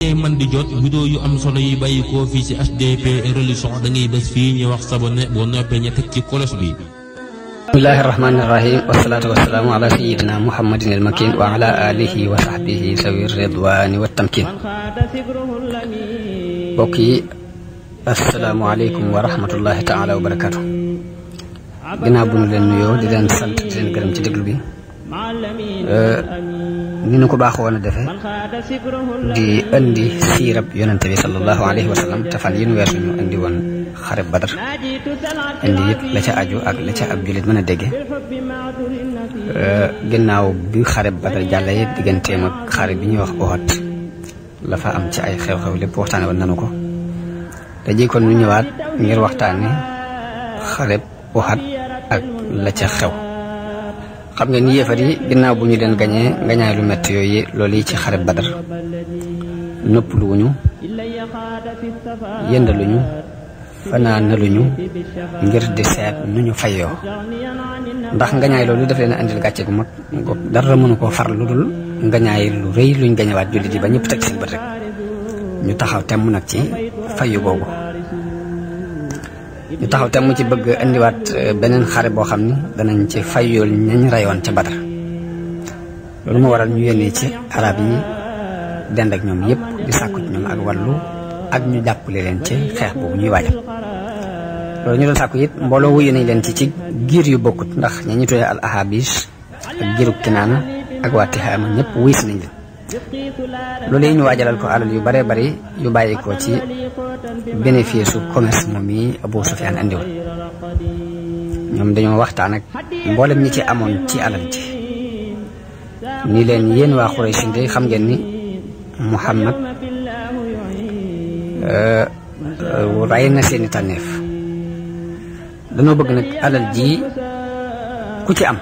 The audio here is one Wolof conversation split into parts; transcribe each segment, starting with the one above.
man di jot vidéo yu am solo yi bàyyi ci HDP religion da ngay bés fii ñu wax sabone boo noppee ñu ci kolos bi bismillahi rahmaani rahim wasalaatu wasalaamu ala sayidina muhammadin al yi asalaamualeykum wa rahmatullahi taala wa leen nuyoo di leen sant leen gërëm ci déglu bi Euh, ni ñu ko baaxoo woon a defee di indi siirab yonente bi sallallahu alayhi wa sallam te fan yi nu weesu ñu indi woon xare badar indi yëpp la ca aju ak la ca ab jullit mën a dégge euh, ginnaaw bi xare badar jàlla yi digganteem ak xare bi ñuy wax Uhud la fa am ci ay xew-xew lépp waxtaane woon nanu ko te nu ñëwaat ngir waxtaane xare Uhud ak la ca xew xam ngeen ni yéefar yi ginnaaw bu ñu leen gañee gañaay lu métti yooyu loolu yi ci xare badar noppaluwuñu yëndaluñu fanaanaluñu ngir di seet nu ñu fayoo ndax ngañaay loolu daf leen a andil gàcce gu mag dara mënu koo far lu dul ngañaay lu rëy luñ gañewaat jullit yi ba ñëpp teg seen bët rek ñu taxaw temm nag ci fayu googu ñu taxaw te mu ci bëgg indiwaat euh, beneen xare boo xam ni danañ ci fayool ñañ rayoon ca Badar loolu moo waral ñu yónnee ci araab yi dend ak ñoom yépp di sàkku ci ñoom ak wàllu ak ñu jàppale leen ci xeex boobu ñuy waajal loolu ñu doon sàkku it mbooloo wuyu nañ leen ci ci giir yu bokkut ndax ña ñu tuddee ak giirug kinaana ak waa Tihaama ñëpp wuyu si nañ leen loolu yi ñu waajalal ko alal yu bare bari yu bàyyi ko ci bénéfice su commerce moom yi Abu Sufyaan andiwoon ñoom dañoo waxtaan ak mboolem ñi ci amoon ci alal ji ni leen yéen waa Quraysh de xam ngeen ni Muhammad euh, rey na seeni tànneef dañoo bëgg nag alal ji ku ci am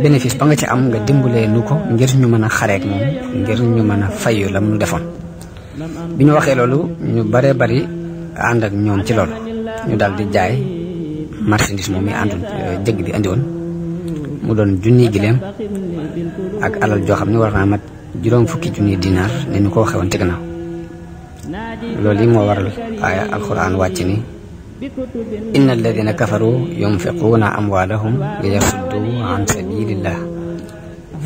bénéfice ba nga ci am nga dimbalee nu ko ngir ñu mën a xareek moom ngir ñu mën a fayu la mu defoon bi ñu waxee loolu ñu bare bari ànd ak ñoom ci loolu ñu dal di jaay marchandise moom mi àndoon euh, jëgg bi andi woon mu doon junniy gileem ak alal joo xam ne war naa mat juróom fukki junniy dinaar ne ñu ko waxee woon ci loolu yi moo waral aya alquran wàcc ni inna alladina kafaru yunfiquna amwalahum liyasuddu an sabilillah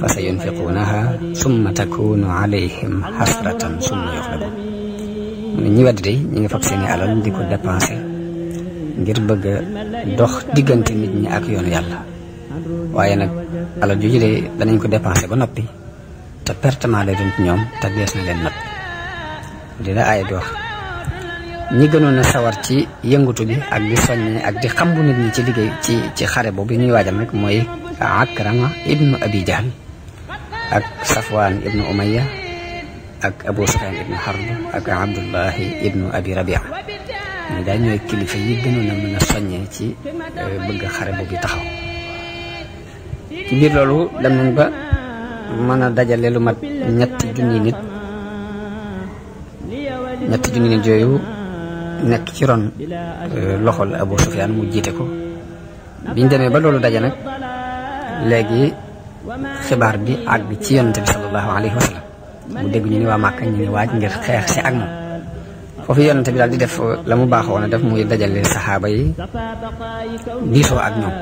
fa sa yunfiquunaha summa takunu alayhim xasratan summa yuxlabun mu ne ñi weddi day ñi nga fab seeni alal di ko dépensé ngir bëgg dox diggante nit ñi ak yoon yàlla waaye nag alal jooju de danañ ko dépensé ba noppi te pertement lay doon ñoom te dees na leen noppi di la aay di wax ñi gënoon a sawar ci yëngutu bi ak di soññee ak di xambu nit ñi ci liggéey ci ci xare boobu ñuy waajal nag mooy Akrama ibnu Abi ak safwaan ibnu umaya ak abu sufyaan ibnu harb ak abdullahi ibnu abi rabia ñooñu daal ñooy kilifa yi gënoon a mën a soññee ci euh, bëgg xare boobu taxaw ci loolu dem nañ ba mën a dajale lu mat ñetti junni nit ñetti junni nit yooyu nekk ci ron euh, loxol Abu Sufyaan mu jiite ko biñ demee ba loolu daje nag léegi xibaar bi àgg ci yonent bi sallallahu alayhi wa mu dégg ñu ni waa Màkka ñu ngi waaj ngir xeex si ak moom foofu yonent bi daal di def la mu baaxoon a def muy dajale saxaaba yi diisoo ak ñoom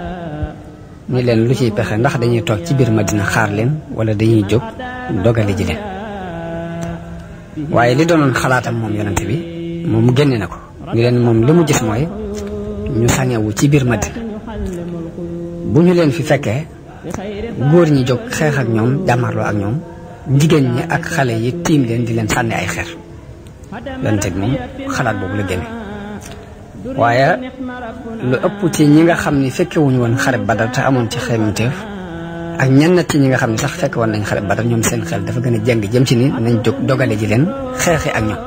ni leen lu ciy pexe ndax dañuy toog ci biir Madina xaar leen wala dañuy jóg dogale ji leen waaye li doonoon xalaatam moom yonent bi moom génne na ko ni leen moom li mu gis mooy ñu sangewu ci biir Madina bu ñu leen fi fekkee góor ñi jóg xeex ak ñoom jàmmarloo ak ñoom jigéen ñi ak xale yi tiim leen di leen sànni ay xeer yonent bi moom xalaat boobu la génne waaye lu ëpp ci ñi nga xam ni fekkewuñu woon xare badar te amoon ci xemteef ak ñenn ci ñi nga xam ne sax fekk nañ xare badar ñoom seen xel dafa gën a jeng jëm ci ni nañ jóg dogale ji leen xeexi ak ñoom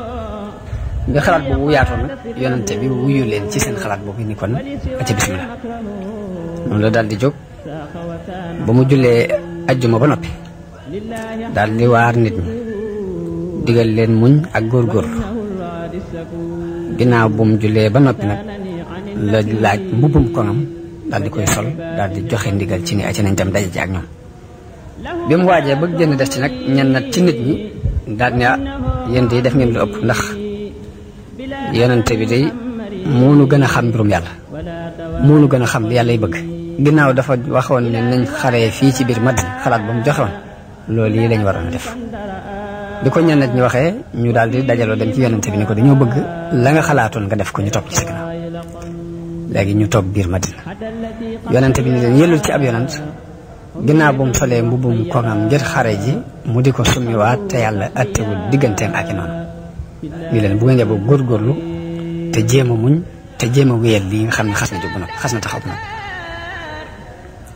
bi xalaat boobu yaatoo nag yonent bi wuyu leen ci seen xalaat boobu ni kon aca bismillah noonu la daal di jóg ba mu jullee ajjuma ba noppi daal waar nit ñi digal leen muñ ak góorgóorlu ginnaaw bu mu jullee ba noppi nag la laaj mbubbum koŋam daal di koy sol daal di joxe ndigal ci ni aca nañ tam daje ci ak ñoom bi mu waajee ba génn def ci nag ñenn nag ci nit ñi daal ne ah yéen def ngeen lu ëpp ndax yonente bi day moonu gën a xam mbirum yàlla moonu gën a xam yàlla yi bëgg ginnaaw dafa waxoon ne nañ xaree fii ci biir Madina xalaat ba mu joxewoon loolu yi lañ waroon def bi ko ñenn nit waxee ñu daal di dajaloo dem ci yonante bi ni ko dañoo bëgg la nga xalaatoon nga def ko ñu topp ci sa ginnaaw léegi ñu toog biir Madina yonante bi ni leen yëllul ci ab yonant ginnaaw bu mu solee mbubbum koŋam ngir xare ji mu di ko summiwaat te yàlla attewul digganteem ak i noonu ni leen bu ngeen góor góorlu te jéem a muñ te jéem a wéyal xam ne xas na jóg xas na taxaw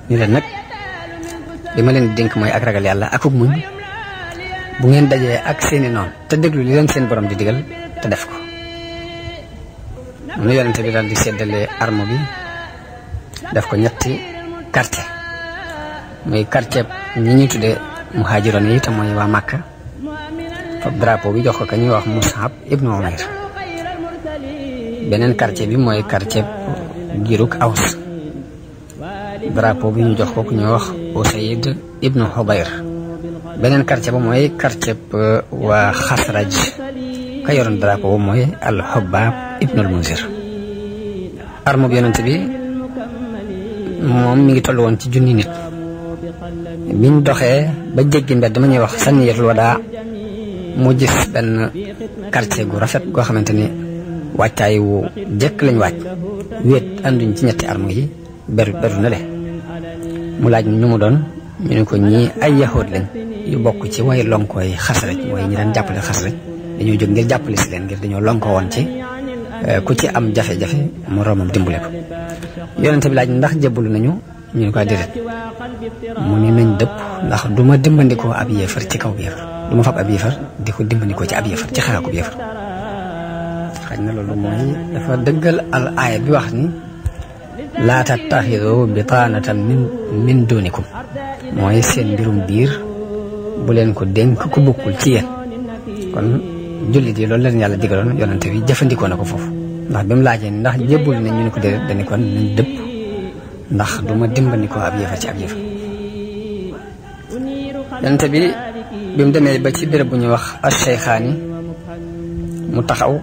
ni leen nak li ma leen dénk ak ragal yàlla ak muñ bu ngeen dajé ak seeni non te deglu li len seen borom di digal te def ko nu yonente bi dal di sédalé arme bi def ko ñetti quartier muy quartier ñi ñi yi te moy wa makka drapeau bi jox ko ka wax Musab ibnu Umayr benen quartier bi moy quartier giruk aus. drapeau bi ñu jox ko ku ñuy wax Usayd ibnu Hubayr beneen quartier ba mooy quartier waa Xasraj ka yoroon ba mooy al Hubbaab ibnu al Munzir bi yonent bi moom mu ngi toll woon ci junni nit biñ doxee ba jéggi mbedd dama ñuy wax sànniyatul wadaa mu gis benn quartier gu rafet goo xamante ni wàccaay wu jëkk lañ wàcc wéet ànduñ ci ñetti arme yi beru beru na le mu laaj ñu mu doon ñu ne ko ñii ay yahood lañ yu bokk ci way lonkooy xasraj mooy ñi daan jàppale xasraj dañoo jóg ngir jàppale si leen ngir dañoo lonko woon ci eh, ku ci am jafe-jafe mu romam dimbale ko yonente bi laaj ndax jébbalu nañu ñu ne ko ah, déedéet mu ne nañ dëpp ndax duma ma dimbandikoo ab yéefar ci kaw yéefar duma ma fab ab yéefar di ko dimbandikoo ci ab yéefar ci xaraakub yéefar xaj na loolu mooy dafa dëggal al bi wax laa tattaxidu bitaanatan min min dunikum mooy seen mbirum biir bu leen ko denk ku bokkul ci yéen kon jullit yi loolu leen yàlla digaloon yonante bi jëfandikoo na ko foofu ndax bi mu laajee ndax jébbul nañ ñu ko déedéet dañu kon nañ dëpp ndax du dimbandikoo ab yëfa ci ab yëfa yonante bi bi mu demee ba ci béréb bu ñuy wax as-Shaykhani mu taxaw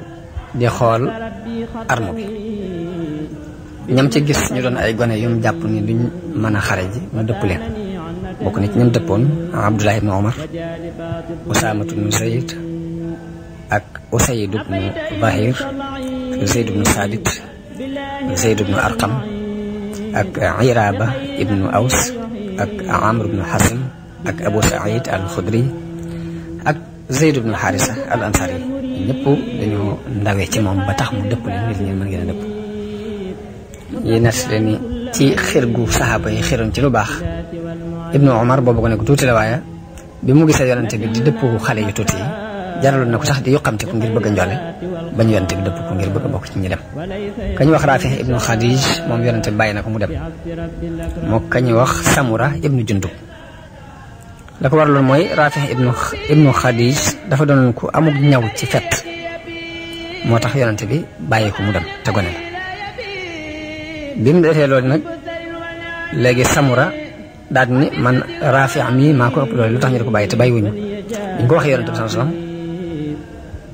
di xool arme ñam ci gis ñu doon ay gone yu mu jàpp ni duñ mën a xare ji ma dëpp leen bokk na ci ñam dëppoon Abdullah ibnu Omar Usaamatu ibnu Zayd ak Usayd ibnu Bahir Zayd ibnu Saabit Zayd ibnu Arqam ak Iraaba ibnu Aws ak Amr ibnu Abu Saïd al ak Zayd ibnu Xaarisa al Ansari ñëpp dañoo ndawee ci moom ba tax mu dëpp leen ngir ñu mën ngeen dëpp yi nas leen ni ci xir gu saxaaba ibnu omar boobu ko nekk tuuti la waaye bi mu gisee yonante bi di dëpp xale yu tuuti yi jaraloon na ko sax di yoqamte ko ngir bëgg a njole rafi ibnu khadij moom yonante bi bàyyi na ko mu samura ibnu jundub la ko waraloon rafi ibnu ibnu khadij dafa doon ku amul ñaw ci fet moo tax yonante bi bàyyi bi mu defee loolu nag léegi samura daal ni man raafi am yi maa ko ëpp loolu lu tax ñu di ko bàyyi te bay wuñu ñu ko waxee yonente bi sallallahu alayhi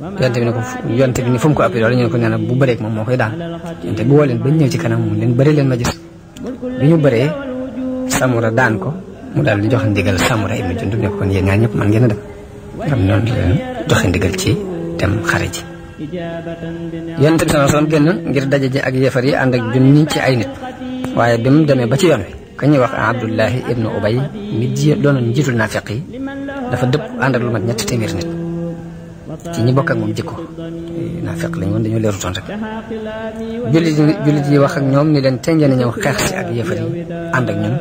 wasallam yonente bi ne ko ko ëpp loolu ko nee bu bëree moom moo koy daan yonente bi woo leen ba ñëw ci kanam mu leen bëri leen ma gis bi ñu bëree samura daan ko mu daan di jox ndigal samura ibnu jundub ne ko kon yéen ñaar ñëpp man ngeen a dem xam noonu leen joxe ndigal ci dem xare ji yonent bi sallallahu alayhi génn ngir daje ji ak yéefar yi ànd ak junni ci ay nit waaye bi mu demee ba ci yoon wi ka ñuy wax Abdullahi ibnu Ubay mi ji doonoon njiitul naafiq yi dafa dëpp ànd ak lu mat ñetti téeméer nit ci ñi bokk ak moom jikko naafiq lañ woon dañoo leerutoon rek jullit yi wax ak ñoom ni leen tengeen ñëw xeex ak yéefar yi ànd ak ñun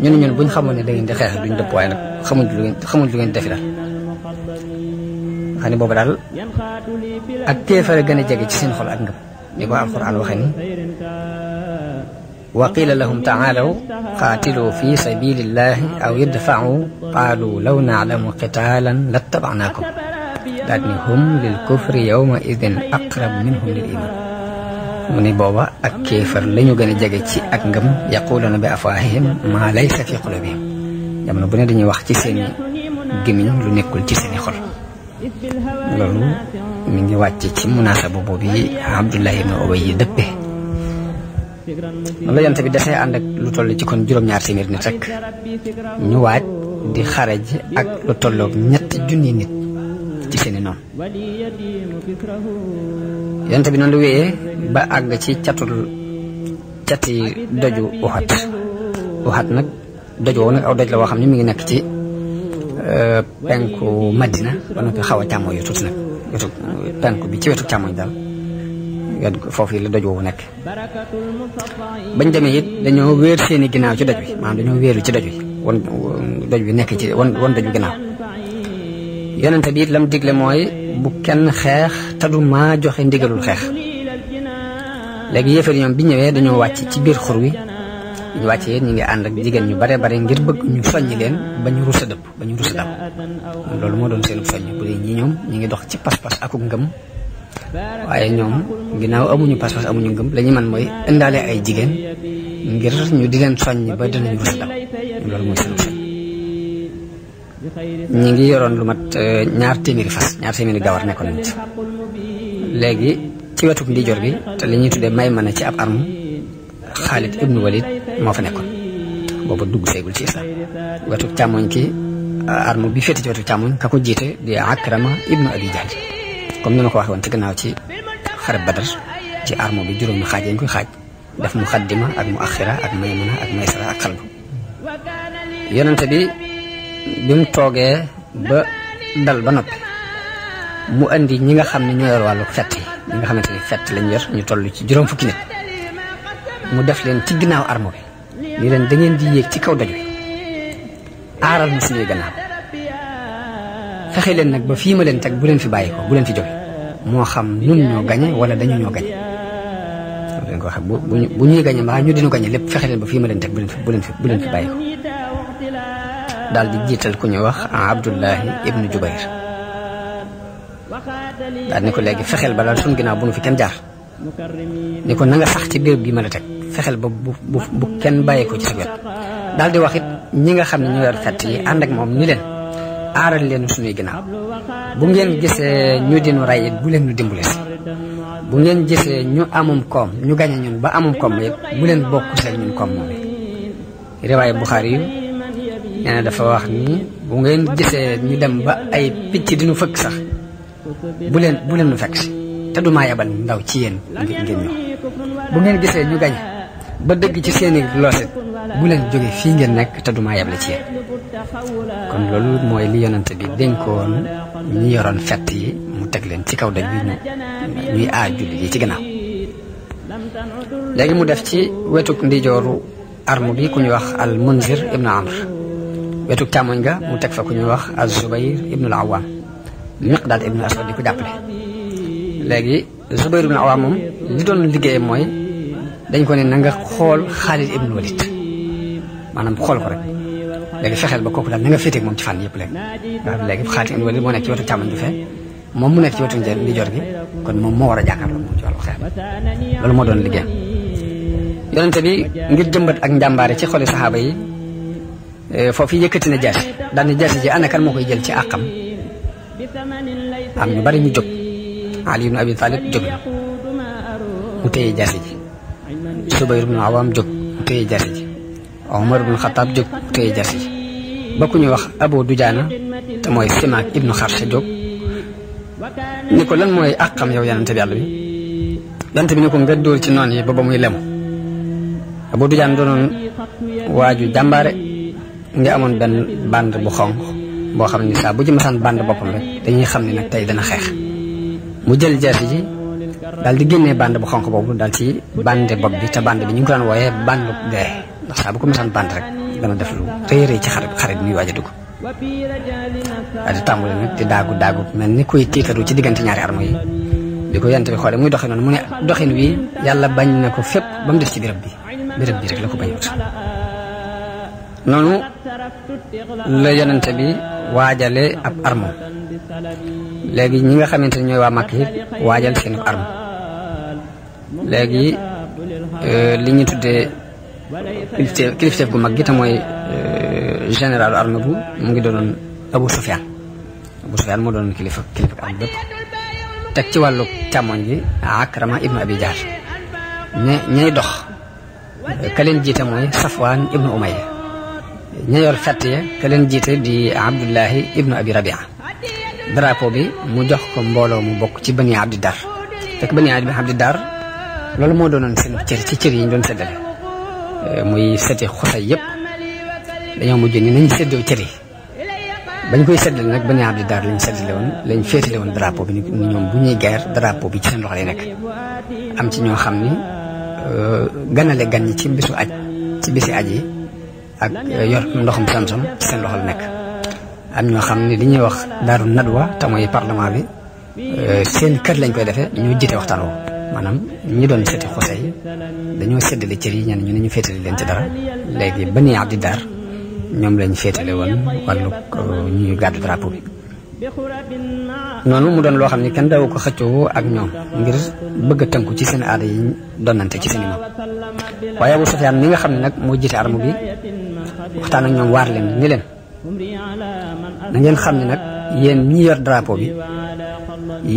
ñu ne ñun buñ xamoon ni da ngeen di xeex duñ dëpp waaye nag xamuñ lu ngeen xamuñ lu xam ne boobu daal ak kéefare gën a jege ci seen xol ak ngëm li ko alquran waxe ni wa qila lahum taalaw qaatilu fi sabilillahi aw idfa'u qaalu law na'lamu qitaalan lattaba'naakum daal ni hum lil kufri yawma idin aqrab minhum lil iman mu ni booba ak kéefar la ñu gën a jege ci ak ngëm yaquluna bi afwaahihim ma laysa fi qulubihim jamono bu ne dañuy wax ci seeni gémmiñ lu nekkul ci seeni xol loolu mi ngi wàcc ci munaasaba boobu yi Abdullahi ibn Ubay yi dëppe loolu la yonte bi dafay ànd ak lu toll ci kon juróom-ñaar téeméer nit rek ñu waaj di xare ji ak lu tolloog ñetti junni nit ci seeni noonu yonte bi noonu lu wéyee ba àgg ci catul cati doju uxat uxat nag doj woowu nag aw doj la woo xam ne mi ngi nekk ci Euh, penku madina ba noppi xaw a càmmoñ yu tuuti nag wetu penku bi ci wetu càmmoñ daal foofu yi la doj woowu nekk bañ demee it dañoo wéer seeni ginaaw ci doj wi maanaam dañoo wéeru ci doj wi wan doj wi nekk ci wan wan doju ginnaaw yonente bi it lam digle mooy bu kenn xeex te du maa joxe ndigalul xeex léegi yéefar ñoom bi ñëwee dañoo wàcc ci biir xur wi ñu wàccee ñu ngi ànd ak jigéen ñu bare bare ngir bëgg ñu soññ leen ba ñu rusa dëpp ba ñu rusa dàpp loolu moo doon seen soññ bu dee ñi ñoom ñu ngi dox ci pas-pas ak ngëm waaye ñoom ginnaaw amuñu pas-pas amuñu ngëm lañu man mooy indaale ay jigéen ngir ñu di leen soññ ba dinañu rusa dàpp loolu mooy seen soññ ñi ngi yoroon lu mat euh, ñaar téeméeri fas ñaar téeméeri gawar nekkoon nañ ci léegi ci wetuk ndijor bi te li ñuy tuddee may mën ci ab arme Khalid ibnu Walid moo fa nekkoon boobu dugg seegul ci islam wetu càmmoñ ki arme bi féete ci wetu càmmoñ ka ko jiite di akrama ibnu abi jahl comme ni ma ko waxee woon ci gannaaw ci xare badar ci arme bi juróomi xaaj yañ koy xaaj def mu xaddima ak mu axira ak maymuna ak maysara ak xalbu yonente bi bi mu toogee ba dal ba noppi mu andi ñi nga xam ne ñoo yor wàllu fett yi ñi nga xamante ni fett lañ yor ñu toll ci juróom fukki nit mu def leen ci ginnaaw arme bi ni leen da ngeen di yéeg ci kaw daj wi aaral ma suñuy gannaaw fexe leen nag ba fii ma leen teg bu leen fi bàyyi ko bu leen fi jóge moo xam nun ñoo gañe wala dañu ñoo gañe leen ko xam bu ñuy gañe mbaa ñu dinu gañe lépp fexe leen ba fii ma leen teg bu leen fi bu leen fi bu leen fi bàyyi ko daal di jiital ku ñu wax Abdullahi ibnu Jubayr daal ni ko léegi fexeel ba daal suñ ginnaaw bu nu fi kenn jaar ni ko na sax ci béréb gi ma la teg fexel ba bu bu bu kenn bàyyi ko ci sa wet daldi waxit ñi nga xamni ñu yor fett yi and ak mom ñu len aral len suñu ginnaaw bu ngeen gisse ñu dinu ray bu len ñu dimbulé bu ngeen gisse ñu amum kom ñu gañ ñun ba amum kom yëpp bu len bokku sel ñun kom mom riwaya bukhari ñana dafa wax ni bu ngeen gisse ñu dem ba ay picc dinu fekk sax bu len bu len ñu fekk si te du yabal ndaw ci yeen ngeen ñu bu ngeen gisse ñu gañ ba dëgg ci seeni looset bu leen jóge fii ngeen nekk te duma yeble ci kon loolu mooy li yonante bi dénkoon ñi yoroon fett yi mu teg leen ci kaw daj bi ñu ñuy aaj julli ci gannaaw léegi mu def ci wetuk ndijooru arme bi ku ñuy wax al munzir ibnu amr wetuk càmmoñ ga mu teg fa ku ñuy wax al zubayr ibnu al awaam miqdaad ibnu aswad di ko jàppale léegi zubayr ibnu awaam li doon liggéey mooy dañ ko ne na nga xool Xaalid ibnu Walid maanaam xool ko rek léegi fexeel ba kooku daal na nga féeteeg moom ci fànn yëpp léegi nga xam léegi Xaalid ibnu Walid moo nekk ci wetu càmmoñ bi fee moom mu nekk ci wetu ndijoor gi kon moom moo war a jàkkaarloo moom ci loolu moo doon liggéeyam yonente ngir jëmbat ak njàmbaare ci xoli saxaaba yi eh, foofu yëkkati na jaasi daal ne jaasi ji ana kan moo koy jël ci àqam am ñu bari ñu jóg Ali ibnu Abi Talib jóg mu téye jaasi ji Zubayr bin Awaam jóg téye jaasi ji Omar bin Xataab jóg téye jaasi ji ba ku ñu wax Abu Dujaana te mooy Simaak ibnu Xarsa jóg ni ko lan mooy àqam yow yonente bi yàlla bi yonente bi ni ko nga dóor ci noon yi ba ba muy lemu Abu Dujaana doonoon waaju jàmbaare nga amoon benn bande bu xonq boo xam ne saa bu ci masaan bande boppam rek dañuy xam ne nag tey dana xeex mu jël jaasi ji daal di génnee bande bu xonq boobu daal ci bande bopp bi te bande bi ñu ngi ko daan wooyee bande dee ndax saa bu ko mësaan bande rek dana def lu rëy rëy ci xare xare bi muy waaj a dugg di tàmbale nag di daagu daagu mel ni kuy tiitaru ci diggante ñaari armo yi bi ko yant bi xoolee muy doxee mu ne doxin wi yàlla bañ na ko fépp ba mu des ci bi béréb bi rek la ko bañut noonu la yonente bi waajale ab arme léegi ñi nga xamante ne ñooy waa màkk yi waajal seen arme léegi euh, li ñu tuddee kilifteef kilifteef gu mag gi te mooy euh, général armée mu ngi doonoon Abu Sufyaan Abu Sufyaan moo doon kilifa kilifa armée bépp teg ci wàllu càmmoñ bi Akrama ibnu Abi Jahl ña ñay dox ka leen jiite mooy Safwaan ibnu Umayya ña yor fett ya ka jiite di Abdullahi ibnu Abi Rabia drapeau bi mu jox ko mbooloo mu bokk ci Bani Abdi Dar fekk Bani Abdi Dar loolu moo doonoon seen cër ci cër yi ñu doon seddale euh, muy seti xosay yëpp dañoo mujj ni nañ seddoo cër yi bañ koy seddale nag ba ñaar di daar lañ seddale woon lañ féetale woon drapeau bi ni ñoom bu ñuy guerre drapeau bi ci seen loxo lay nekk am ci ñoo xam ni euh, ganale gan ñi ci bisu aj ci bisi aj yi ak euh, yor ndoxum samsom seen loxo la nekk am ñoo xam ne li ñuy wax daaru nadwa te mooy parlement bi seen kër lañ koy defee ñoo jiite waxtaan woo maanaam ñi doon seti xose yi dañoo séddale cër yi ñenn ñu ne ñu féetale leen ci dara léegi ba nii di daar ñoom lañ féetale woon wàllu uh, ñuy gàddu drapeau bi noonu mu doon loo xam ne kenn daw ko xëccoo ak ñoom ngir bëgg a tënku ci seen aada yi donante ci seen i moom waaye Abu Sufyaan mi nga xam ne nag moo jiite arme bi waxtaan ak ñoom waar leen ni leen na xam ne nag yéen ñi yor drapo bi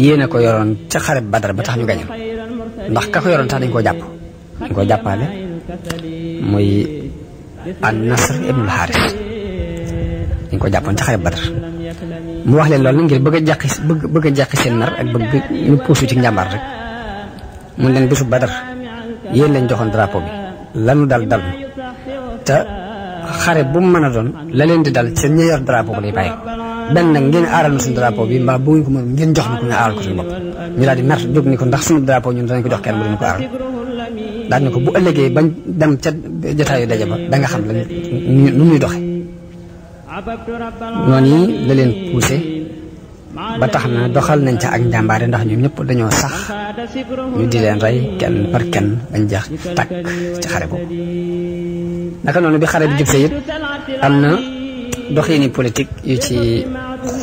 yéen ko yoroon ca xare Badar ba tax ñu gañal ndax ka ko yoroon sax dañ koo jàpp dañ koo jàppaale muy an nasr ibnul xaaris dañ ko jàppoon ci xare badar mu wax leen loolu ngir bëgg a jàqi bëgg seen nar ak bëgg ñu puusu ci njàmbaar rek mu leen bésu badar yéen lañ joxoon drapeau bi lanu daal dal te xare bu mu mën a doon la leen di daal seen ñi yor drapeau bi lay bàyyi benn nag ngeen aaral na suñu drapeau bi mbaa bu ngeen ko mën ngeen jox na ko ñu aaral ko suñu bopp ñu daal di mer jóg ni ko ndax suñu drapeau ñun danañ ko jox kenn bu dañu ko ko bu ëllëgee bañ dem ca jotaayu daje ba da xam la nu ñuy doxe noonu la leen poussé ba tax na doxal nañ ca ak njàmbaare ndax ñu ñëpp dañoo sax ñu di leen rey kenn par kenn bañ jeex tàkk ci xare boobu naka noonu bi xare bi jub see am na doxiini politique yu ci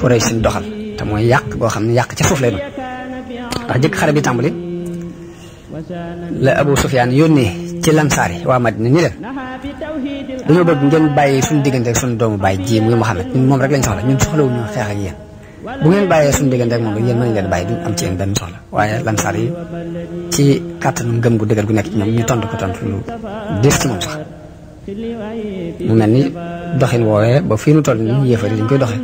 xurey sin doxal te mooy yàq boo xam ne yàq ci foofu lay doon jëkk xare bi tàmbali la Abu Sufyaan yónnee ci lansaar yi waa Madina ni leen dañoo bëgg ngeen bàyyi suñu diggante ak suñu doomu bàyyi ji muy Muhammad ñun moom ñun soxlawu ñu xeex ak yéen bu ngeen bàyyee suñu diggante ak moom rek yéen mën ngeen bàyyi am ci yéen benn soxla waaye lansaar yi ci kàttanu ngëm gu dëgër gu nekk ñu tontu ko tontu lu ci moom sax mu mel ni doxin woowee ba fii nu toll nii yéefar yi dañ koy doxe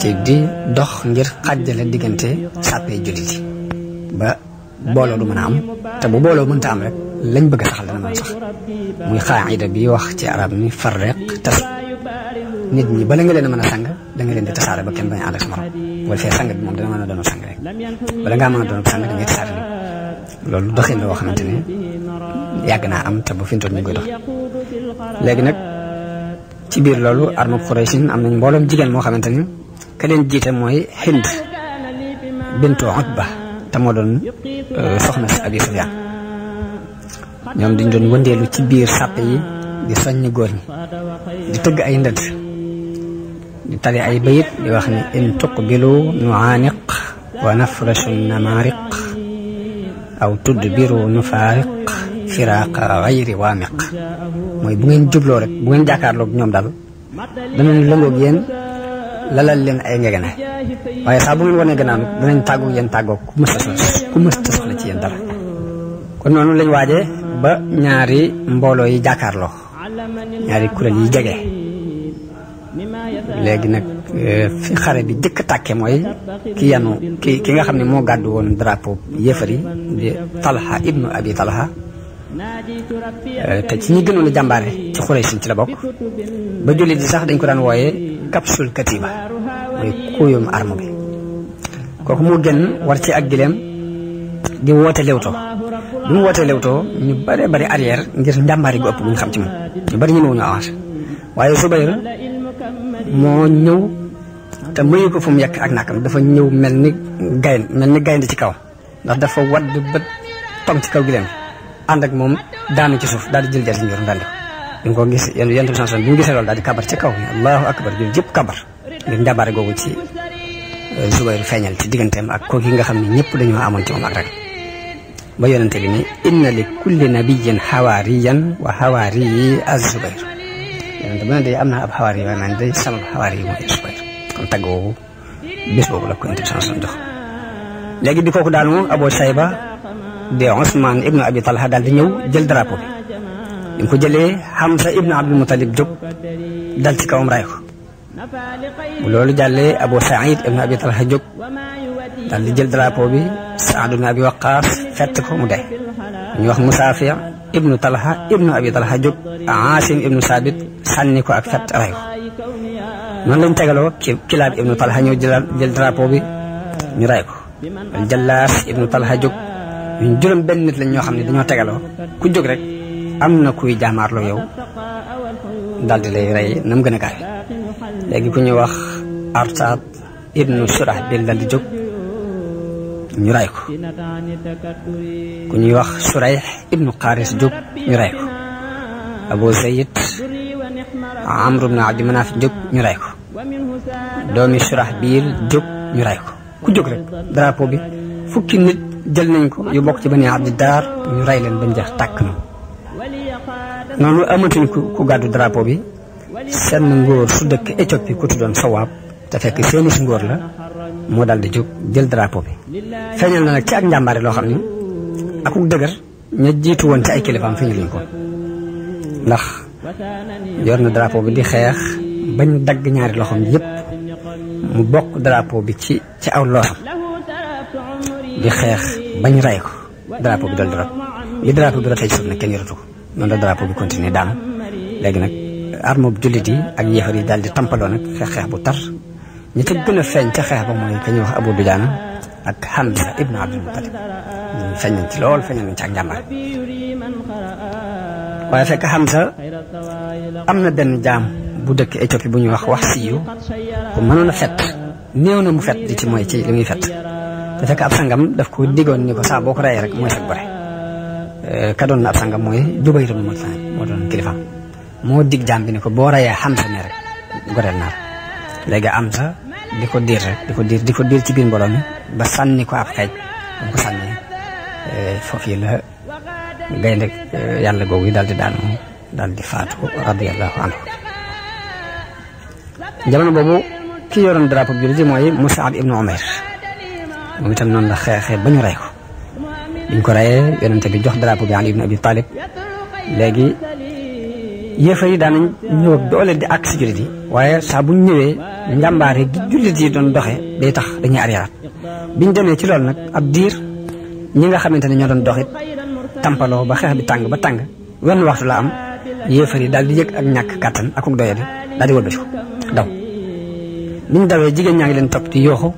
ci di dox ngir xàjjale diggante sàppee jullit yi ba booloo du mën a am te bu booloo mënta am rek lañ bëgg a saxal dana mën sax muy xaida bi wax ci arab ni farreq tas nit ñi bala nga leen a mën a sang da nga leen di tasaare a ànd sang bi moom dana mën a doon sang rek bala a doon sang da ngay tasaare loolu doxin la woo xamante ne yàgg naa am te ba fi ñu toll ñu ngi koy léegi nag ci biir loolu armab Qurayshin am nañ mbooloom jigéen moo xamante ni ka leen jiite mooy Hind bintu Utba te doon euh, soxna si Abi ñoom dañ doon wëndeelu ci biir sàpp yi di soññ góor ñi di tëgg ay ndënd di tari ay bayit di wax ne in tuqbilu nuaaniq wa nafrashu namaariq aw tudbiru nufaariq firaaqa xayri waamiq mooy bu ngeen jubloo rek bu ngeen jàkkaarloog ñoom daal danañ lëngoog yéen lalal leen ay ngegene waaye saa bu ngeen wanee gannaaw nag danañ tàggoog yéen tàggoog ku mës soxla ci yéen dara kon noonu lañ waaje ba ñaari mbooloo yi jàkkaarloo ñaari kuréel yi jege léegi nag euh, fi xare bi jëkk tàkke mooy ki yanu ki ki nga xam ne moo gàddu woon drapeau yéefar yi di Talha ibnu Abi Talha Eh, te ci ñi gënoon a jàmbaare ci Xuraysh ci la bokk ba jullit yi sax dañ ko daan wooyee capsule katiba mooy kuyum arme bi kooku moo gën war ci ak gileem di woote lewto bi mu wootee lewto ñu bare bari arrière ngir njàmbaare gu ëpp bu ñu xam ci moom ñu bari ñu ñu avancé waaye Zubayr moo ñëw te mayu ko fu mu yekk ak nakam dafa ñëw mel ni gaynde mel gaynde ci kaw ndax dafa wadd ba tong ci kaw gileem andak ak moom daanu ci suuf dal di jël jariñ ñor ndand ñu ko gis yenn yenn sansan di kabar ci kaw allahu akbar jël jep kabar ngir ndabar gogu ci euh, Zubair feñal ci digganteem ak ko gi nga xamni ñepp dañu amon ci mom ak rek ba yonente bi ni inna li kulli nabiyyin hawariyan wa hawari az Zubair. Yang dama day amna ab hawari wa man day sama Hawari mo Zubair. zubayr kon tagg bis bobu la ko yonente bi sansan jox léegi bi kooku abo shayba de Ousmane ibnu Abi Talha daal di ñëw jël drapeau bi bi ko jëlee Hamza ibnu Abdul Muttalib jóg dal ci kawam ray ko bu loolu jàllee Abu sa'id ibnu Abi Talha jóg daal di jël drapeau bi Saad ibnu Abi Waqaas fett ko mu dee ñu wax Musaafi ibnu Talha ibnu Abi Talha jóg Aasim ibnu sabit sànni ko ak fett ray ko noonu lañ tegaloo ci ibnu Talha ñëw jël drapeau bi ñu ray ko Jallaas ibnu Talha jóg ñun juróom benn nit lañ ñoo xam ne dañoo tegaloo ku jóg rek am na kuy jaamaarloo yow daal di lay rey nam gën a gaawe léegi ku ñuy wax arsaad ibnu surah bil daal di jóg ñu ray ko ku ñuy wax surayx ibnu xaaris jóg ñu ray ko abu zayid amru bnu abdi manaaf jóg ñu ray ko doomi surah biil jóg ñu ray ko ku jóg rek drapeau bi fukki nit jël nañ ko yu bokk ci bani abdi daar ñu rey leen bañ jeex tàkk na noonu amatuñ ku gàddu drapeau bi seen ngóor su dëkk Éthiopie ku tuddoon sawaab te fekk seenu si ngóor la moo daal di jóg jël drapo bi feeñal na nag ci ak njàmbaare loo xam ni akuk dëgër ña jiitu woon ci ay kilifaam feeñaluñ ko ndax yor na drapeau bi di xeex bañ dagg ñaari loxoom yépp mu bokk drapeau bi ci ci aw loo di xeex bañ ray ko drapeau bi dal di rot li drapeau bi rotee ci suuf nag kenn yoratu ko noonu la drapeau bi continuer daanu léegi nag arme bu jullit yi ak yéefar yi daal di tampaloo nag xeex-xeex bu tar ñi ca gën a feeñ ca xeex ba mooy ka ñuy wax Abu Dujaana ak Hamza ibnu Abdul Mutalib ñu feeñ nañ ci lool feeñal nañ ci ak njàmbaar waaye fekk Hamza am na benn jaam bu dëkk Éthiopie bu ñuy wax wax siiyu bu mënoon a fet néew na mu fet di ci mooy ci li muy fet te fekk ab sangam daf ko diggoon ni ko saa boo ko rayee rek mooy sag bore euh, ka doon na ab sangam mooy Jubayr ibn Mut'im moo doon kilifaam moo dig jaam ni ko boo rayee Hamza ne rek goreel naa la léegi di ko diir di ko diir di ko diir ci biir mbooloo mi ba sànni ko ab xeej ba ko sànni euh, foofu la gaynde euh, yàlla googu yi daal di daanu dal di faatu radiyallahu anhu jamono boobu ki yoroon drapeau bi jullit yi mooy Mus'ab ibnu Umayr mom itam non la xeexee ba ñu rey ko biñ ko rayé yonenté bi jox drapeau bi Ali ibn Abi Talib légui yefa yi dañ ñëw doole di ak si waye sa bu ñëwé ñambaaré gi jullit yi doon doxé day tax dañuy arriéraat biñ démé ci lool nak ab dir ñi nga xamanteni ñoo doon doxit tampalo ba xex bi tang ba tang wenn waxtu la am yéefar yi daal di yëg ak ñàkk kàttan akuk doyadi dal di wëlbati ko daw niñ dawee jigéen ñaa ngi leen top di yoxu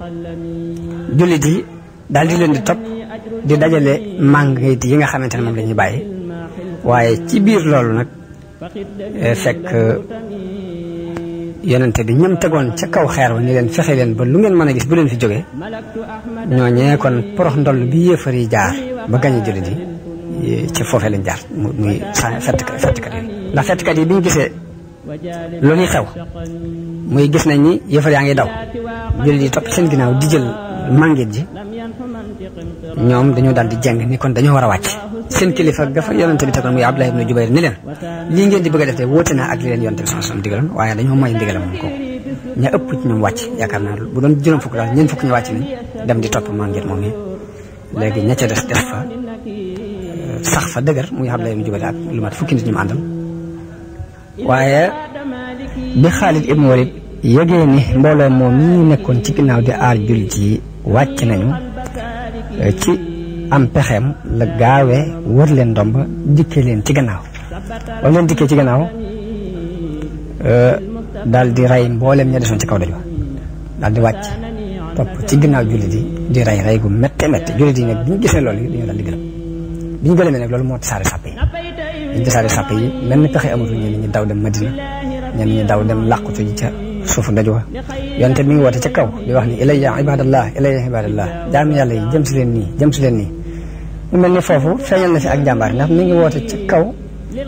julit yi dal di leen di topp di dajale màngit yi nga xamantene moom la ñuy bàyyi waaye ci biir loolu nag eh, fekk yonente bi ñam tegoon ca kaw xeer wa ni leen fexe leen ba lu ngeen mën a gis bu leen fi ñoo ñooñee kon porox ndol bi yéefar yi jaar ba gañe julit yi eh, ci foofee lañ jaar muy fettkat fettkat yi ndax fettkat yi bi ñu gisee lu ñuy xew muy gis nañ ni yéefar yaa ngi daw jullit yi topp seen ginnaaw di jël mànget ji ñoom dañoo daal di jàng ni kon dañoo war a wàcc seen kilifa ga fa yonente bi tegoon muy Abdullah ibnu Jubayr ni leen lii ngeen di bëgg a def te wóote naa ak li leen yonente bi sallallahu alayhi wasallam digaloon waaye dañoo mooy ndigalam moom kooku ña ëpp ñoom wàcc yaakaar naa bu doon juróom fukk daal ñeent fukk ñu wàcc nañ dem di topp mànget moom yi léegi ña ca des def fa euh, sax fa dëgër muy Abdullah ibnu lu mat fukki nit ñu mu àndal waaye bi Xaalid ibnu Walid ni mbooloo moom ñi nekkoon ci ginnaaw di aar jullit yi wàcc nañu eh, ci am pexeem la gaawee wër leen ndomb dikkee leen ci gannaaw ba leen dikkee ci gannaaw eh, daal di rey mboolem ña desoon ci kaw doj wa daal di wàcc topp ci gannaaw jullit yi di rey rey gu métte métte jullit yi nag bi ñu gisee loolu yi dañoo daal di gëlëm bi ñu gëlëmee nag loolu moo tasaare sàpp yi dañu tasaare sàpp yi mel ni pexe amatul ñenn ñi daw dem Madina ñenn ñi daw dem làqutu ji ca suuf ndaj wa yonent mi ngi woote ci kaw di wax ni ilayya ibadallah ilayya ibadallah jaami yàlla yi jëm si leen nii jëm si leen nii mu mel ni foofu feeñal na fi ak jàmbaar ndax mi ngi woote ci kaw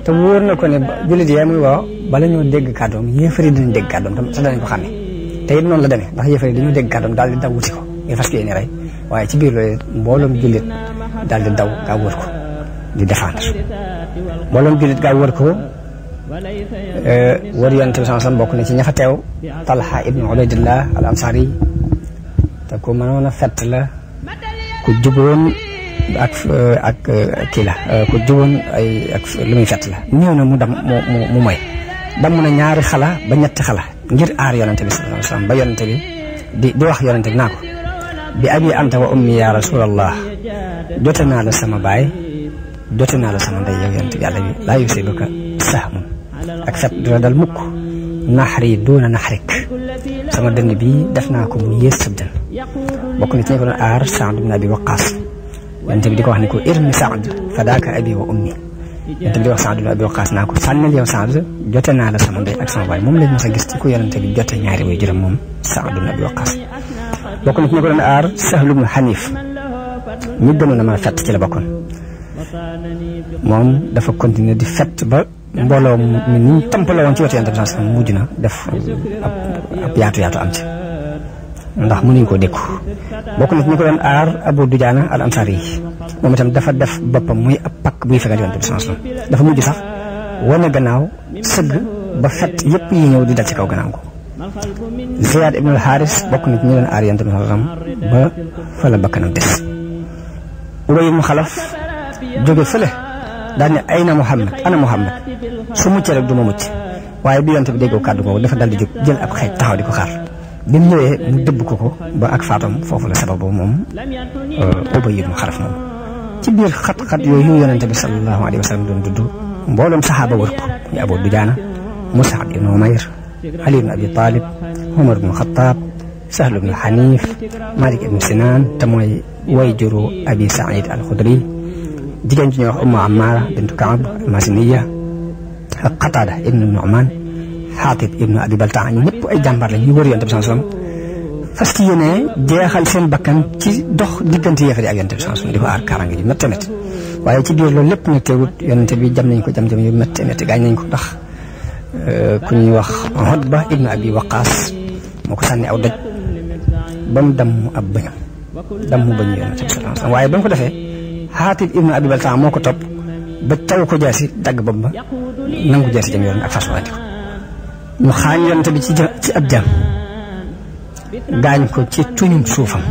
te wóor na ko ne jullit yee muy woo bala ñoo dégg kàddoom yéefari dañu dégg kàddoom te danañ ko xàmme te it noonu la demee ndax yéefari dañu dégg kàddoom daal di daw wuti ko ngir fas yéene rey waaye ci biir loolu mbooloom jullit daal di daw gaa wër di défendre mbooloom jullit gaa ko wër yonte bi sallam bokk na ci ñafa teew talha ibnu ubaydillah al ansari te ku mënoon a fett la ku juboon ak eh, ak eh, kii la eh, ku juboon ay ak lu muy fett la ñëw na mu dam mu mu moy damm na ñaari xala ba ñetti xala ngir aar yonente bi sallallahu alayhi wasallam ba yonente bi di di wax yonente bi naa ko bi abi anta wa ummi ya rasulallah jote naa la sama baay jote naa la sama ndey yow yonente bi yàlla bi laa yusibuka sahmun accepte dal mukk naxari doona naxarik sama dënn bi def naa ko mu yées sa dënn bokk na ci ñu ko doon aar Saad bin Abi Waqaas yonent bi di ko wax ne ko irmi Saad fadaaka abi wa ummi yonent bi di wax Saad bin Abi Waqaas naa ko sànnal yow Saad jote naa la sama ndey ak sama baay moom lañ mos a gis ci ku yonent bi jote ñaari way juróom moom Saad bin Abi Waqaas bokk na ci ñu ko doon aar Sahl ibn Hanif ñu gënoon a mën a fett ci la bokkoon moom dafa continuer di fett ba mbooloo mi ni ñu tampale woon ci wetu yonent bi sax mujj na def ab yaatu yaatu am ci ndax mënuñ koo dékku bokk na ci ñi ko doon aar Abu Dujaana al Ansaar yi moom itam dafa def boppam muy ab pakk buy fegal yonent bi sax dafa mujj sax wane gannaaw sëgg ba fet yëpp yi ñëw di dal ci kaw gannaaw ko Ziyaad ibnul Xaaris bokk na ci ñi doon aar yonent bi sax ba fa la bakkanam des Ubay mu xalaf jóge fële daal ne ayna Muhammad ana Muhammad su mucc rek du ma mucc waaye bi yonte bi déggoo kàddu googu dafa dal di jóg jël ab xeej taxaw di ko xaar bi mu ñëwee mu dëbb ko ko ba ak faatam foofu la sababu moom Ubay ibn Xalaf moom ci biir xat-xat yooyu yonente bi sallallahu alayhi wa sallam doon dudd mbooloom saxaaba wër ko ñu Abu Dujaana Musab ibn Umayr Ali ibn Abi Talib Umar ibn Xataab Sahl ibn Xaniif Malik ibn Sinaan te mooy way juru Abi Saïd al-Xudri jigéen ñu wax umma amara bint kaab masniya qatada ibn nu'man hatib ibn abi balta ñëpp ay jambar la ñu wër yonte bi sallallahu alayhi wasallam fas yéene jeexal seen bakkan ci dox diggante yeefari ak yonte bi sallallahu alayhi wasallam di ko ar kaaraange ji metti métti waaye ci biir loolu lépp nag teewut yonente bi jam nañ ko jam jam yu metti metti gañ nañ ko ndax euh, ku ñuy wax hadba ibn abi waqas moko sanni sànni aw doj ba mu ab bañam damm bañu yonente bi sallallahu alayhi wasallam waaye ba ko defee Xaatib ibnu Abi Baltaa moo ko topp ba taw ko jaasi dagg bopp ba nangu jaasi jëm yoon ak fas waati ko ñu ci ab jaam gaañ ko ci suufam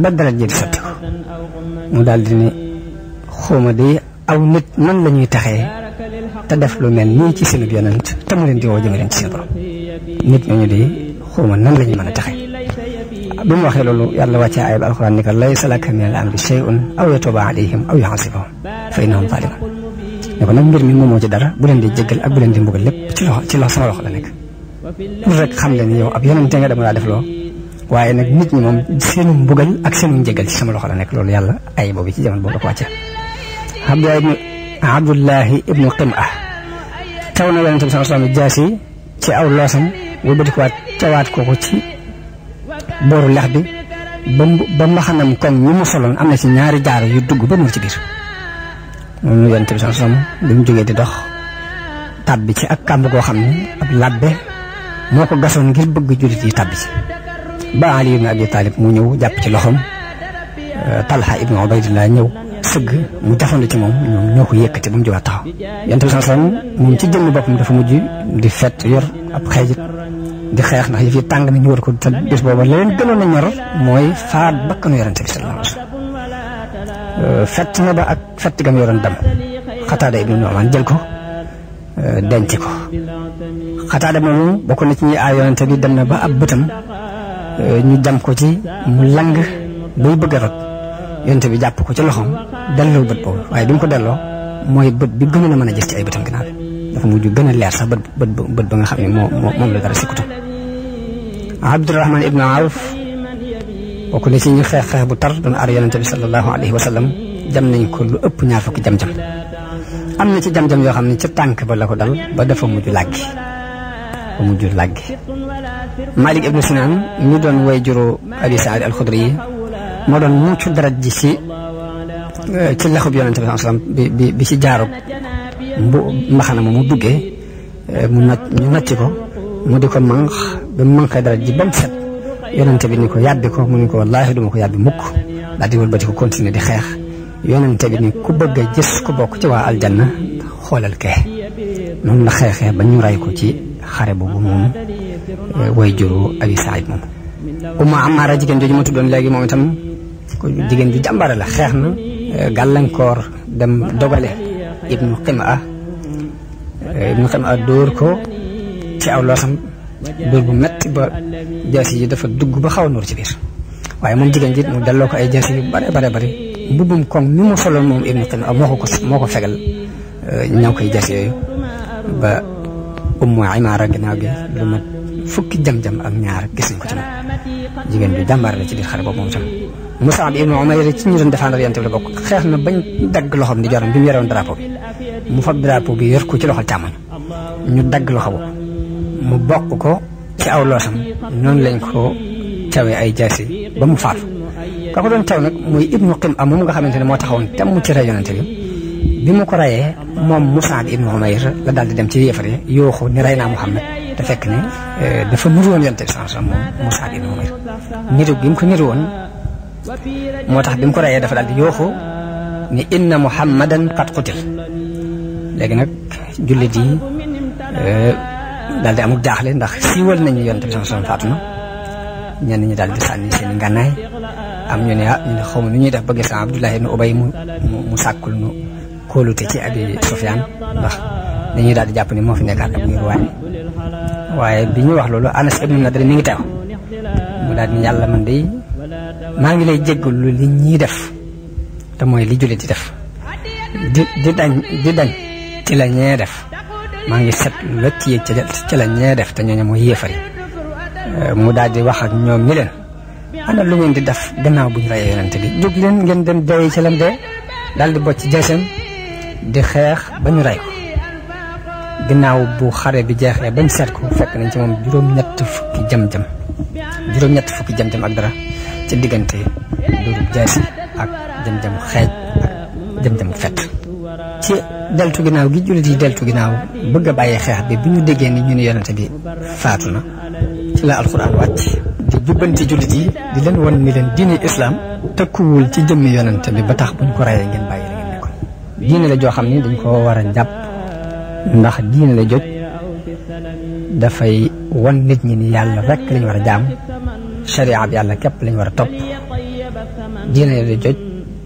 ba dara jël sotti ko mu ne xawma de aw nit nan la ñuy taxee te def lu mel nii ci seen yonent te mu leen di woo jëme leen ci seen borom nit nan la ñuy mën a taxee بما خلو يلا وتعي بالقران انك من الامر شيء او يتوب عليهم او يعذبهم فانهم ظالمون نكون نعم، مير مي مومو دارا بولين دي جيغل اك بولين دي مبوغل لب تي لو تي لو سما لوخ لا نيك رك خام لي نيو اب يونت نغا دمو لا ديف لو واي نك نيت ني موم سين مبوغل اك سين الله عبد booru lex bi ba ba mbaxanam koŋ ñu mu soloon am na ci ñaari jaaro yu dugg ba mu ci biir noonu yonent bi sax sam bi mu jógee di dox tàbbi ci ak kàmb goo xam ne ab labbe moo ko gasoon ngir bëgg jullit yi tàbbi ci ba Ali ibn Abi Talib mu ñëw jàpp ci loxoom euh, Talha ibn Ubaydillah ñëw sëgg mu jafandu ci moom ñoom ñoo ko yëkkati ba mu jógaat taxaw yonent bi sax sam moom ci jëmm boppam dafa mujj di fet yor ab xeejit di xeex ndax yi fi tàng na ñu war ko te bés booba la leen gënoon ñor mooy faat bakkanu yorante bi sallallahu euh, fett na ba ak fett gam yoroon dam xataada jël ko euh, denc ko xataada moomu bokk na ci ñi aay yonante bi dem na ba ab bëtam euh, ñu jam ko ci mu lang bay bëgg a rot yonante bi jàpp ko ci loxoom delloo bët boobu waaye bi mu ko delloo mooy bët bi gënoon a mën a gis ci ay bëtam ginnaaw dafa mujj gën a leer sax bët bët bët ba nga xam ne moo moom la dara sikkutu Abdurahman ibnu Awf bokk na ci ñu xeex xeex bu tar doon aar yonente bi sallallahu alayhi wa sallam jam nañ ko lu ëpp ñaar fukki jam-jam am na ci jam-jam yoo xam ne ca tànk ba la ko dal ba dafa mujj làggi ba mujj làggi Malik ibnu Sinan ñu doon way juru Abi Saïd al yi moo doon mucc daraj ji si ci lexub yonente bi bi bi bi ci jaarub bu mbaxana ma eh, mu duggee mu naj ñu nacc ko mu di ko manq ba mu manqee dara ji ba mu set yonente bi ni ko yàbbi ko mu ni ko wallaahi duma ko yàbbi mukk daal di wëlbati ko continuer di xeex yonente bi ni ku bëgg a ku bokk ci waa aljanna xoolal kee noonu la xeexee ba ñu ray ko ci xare boobu moom eh, way juru abi saïd moom umma amaara jigéen jooju ma tuddoon léegi moom itam jigéen ju jàmbare la xeex na eh, gàllankoor dem dogale ibnu ximaa eh, ibnu ximaa dóor ko ci aw loo xam dóor bu metti ba jaasi ji dafa dugg ba xaw a ci biir waaye moom jigéen mu ko ay yu bare bare bare mbubbum koŋ mi mu ibnu ximaa moo ko ko fegal eh, ñaw koy jaasi yooyu ba ummu imaara ginnaaw gi lu mat fukki jam-jam ak ñaar gis nañ ko ci moom bi la ci Musab ibnu Umayr ci ñu doon défendre yonent bi la bokk xeex na bañ dagg loxoom di jaram bi mu yoroon drapeau bi mu fab drapeau bi yor ko ci loxol càmmoñ ñu dagg loxo boobu mu bokk ko ci aw loosam noonu lañ ko cawee ay jaasi ba mu faatu ka ko doon caw nag muy ibnu qim am moom nga xamante ne moo taxawoon tem mu ci rey yonent bi bi mu ko reyee moom Musab ibnu Umayr la daal di dem ci yéefar yi yooxu ni rey naa Muhammad te fekk ni dafa nuru woon yonent bi sans moom Musab ibnu Umayr niru gi mu ko niru woon moo tax bi mu ko reyee dafa daal di yooxu ni inna muhammadan qad qutil léegi nag jullit yi euh, dal di amuk jaaxle ndax siiwal nañu yonent bi sama faatu na ñenn ñi daal di sànni seen ngànnaay am ñu ne ah xaw ma nu ñuy def ba gis Abdullah ibn Ubay mu mu sàkkul nu koolute ci Abi Sufyaan ndax dañuy daal di jàpp ni moo fi nekkaat ak ngir waaye bi ñu wax loolu Anas ibn Nadr mi ngi teew mu daal yàlla man de maa ngi lay lu li ñii def te mooy li jullit di def di dañ di dañ ci la ñee def maa ngi set wecc yi ci la ñee def te ñooñu mooy yéefar yi euh, mu daal di wax ak ñoom ñi leen ana lu ngeen di def gannaaw bu ñu reyee yonente bi jóg ngeen dem dee ci lam dee daal di ci jeesam di xeex ba ñu rey ko ginnaaw bu xare bi jeexee bañ set ko fekk nañ ci moom juróom-ñett fukki jam-jam juróom-ñett fukki jam-jam ak dara ci diggante dóorub jaasi ak jëm-jëm xeej ak jëm-jëm fett ci deltu ginnaaw gi jullit yi deltu ginnaaw bëgg bàyyi xeex bi bu ñu déggee ni ñu ne yonente bi faatu na ci la alxuraan wàcc di jubbanti jullit yi di leen won ni leen diine islaam tëkkuwul ci jëmm yonente bi ba tax bu ñu ko rayee ngeen bàyyi la ngeen nekkoon diine la joo xam ne dañ ko war a njàpp ndax diine la joj dafay won nit ñi ni yàlla rek lañ war a jaam sharia bi yàlla képp lañ war a topp diine yàlla joj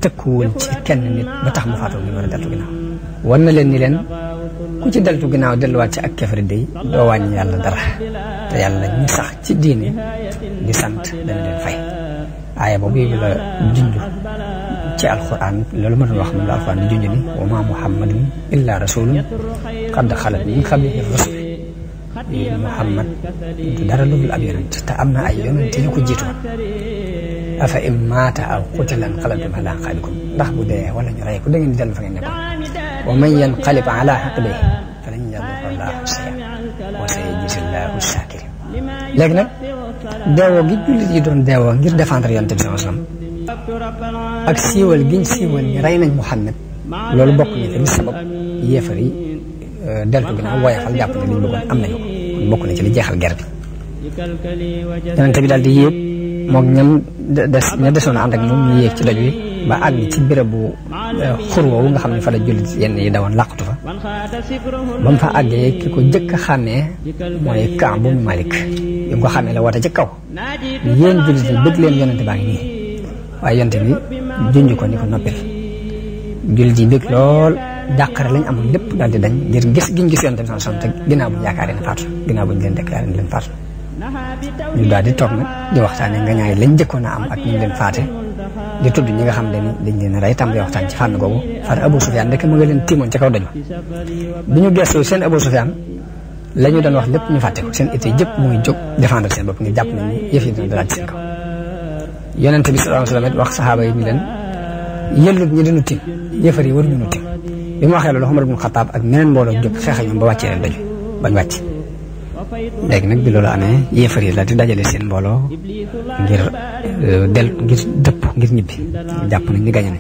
tëkkuwul ci kenn nit ba tax mu faatu ñu war a deltu ginnaaw war na leen ni leen ku ci deltu ginnaaw delluwaat ci ak kefari day doo wàññi yàlla dara te yàlla ñu sax ci diine di sant dana leen fay aaya boobu yooyu la junj ci alquran loolu ma doon wax moom la alquran di junj ni wa ma muhammadun illa rasulun qad xalat min qablihi rusul muhammad du dara lu dul ab yonent te am na ay yonent yu ko jiitu afa in maata aw qutila inqalabtum ala aqaabikum ndax bu dee wala ñu rey ko da ngeen di dellu fa ngeen nekkoon wa man yanqalib ala aqibayhi falan yadurra llaaha shay'an wa sayajzi llaahu shaakiriin léegi nag deewoo gi jullit yi doon deewoo ngir défendre yonent bi sallallahu alayhi wasallam ak siiwal giñ siiwal ni rey nañ muhammad loolu bokk na ci li sabab yéefar yi euh, deltu ginnaaw woyafal jàpp ne liñ bëggoon am nañu ko kon bokk na ci li jeexal ger bi yonente bi daal di yéeg moom ñam des ña desoon ànd moom ñu ci doj wi ba àgg ci béréb bu euh, xurwa wu nga xam ne fa la jullit yenn yi dawoon làqatu fa ba mu fa àggee ki ko jëkk a xàmmee mooy Kaab bu Malik yi nga ko xàmmee la woote ci kaw yéen jullit yi bëgg leen yonente baa ngi nii waaye yonente bi junj ko ni ko noppil jullit yi bëgg lool jàqare lañ amoon lépp daal di dañ ngir gis giñ gis yonte bi sallallahu alayhi wasallam te ginnaaw buñ yaakaaree ne faatu ginnaaw buñ leen déclaré ne ñu daal di toog nag di waxtaane nga ñaay lañ jëkkoon a am ak ñu leen faate di tudd ñi nga xam ne dañ leen rey tàmbali waxtaan ci fànn googu far Abu Sufyaan leen tiimoon ci kaw doj bi ñu gëstoo seen Abu Sufyaan la ñu doon wax lépp ñu fàtte seen été yëpp mu ngi jóg défendre seen bopp ngir jàpp nañ ni yëf yi dina dalaat seen kaw yonente bi sallallahu alayhi wasallam wax saxaaba yi ni leen yëllut ñi dinu tiim nu tiim bi mu waxee loolu Omar ibn Khattab ak meneen mbooloo jóg xeex ak ñoom ba wàccee leen dañu bañ wàcc léegi nag bi loolu amee yéefar yi la di dajalee seen mbooloo ngir euh, del ngir dëpp ngir ñibbi jàpp nañ ni gañe nañ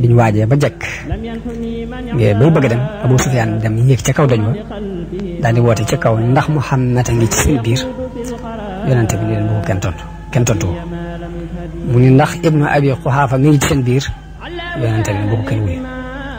biñ waajee ba jekk bay bëgg dem Abu Sufyaan dem yéeg ca kaw dañ ba daal di woote ca kaw ndax mu xam Muhammad a ngi ci seen biir yonente bi ni leen bu ko kenn tontu kenn tontu mu ni ndax Ibnu Abi Quhaafa mi ngi ci seen biir yonente bi bu ko kenn wuyu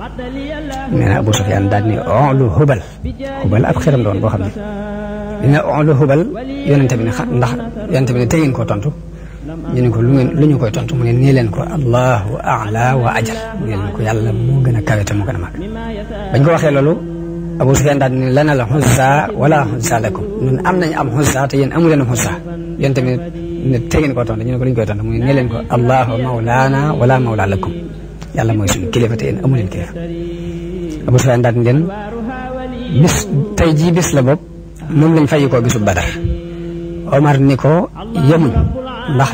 nee na Abu Sufyaan daal ni onlu hubal hubal ab xiram doon boo xam ne dina onlu hubal yonente bi ne xa ndax yonente bi ne koo tontu ñu ne ko lu ngeen lu ñu koy tontu mu ne nii leen ko allahu ala wa ajal mu ne leen ko yàlla a kawe te moo ko waxee loolu Abu Sufyaan daal ne lana la xunsa wala xunsa lakum ñun am nañ am xunsa te yéen amu leen xunsa yonente bi ne tey ngeen koo tontu ñu ne ko mu ne leen ko allahu wala mawla lakum yàlla mooy suñu kilifa te yéen amu leen kilifa Abu Sufyaan daal leen bis tey jii bis la bopp moom lañ fay koo bisub Badar Omar ni ko yemuñ ndax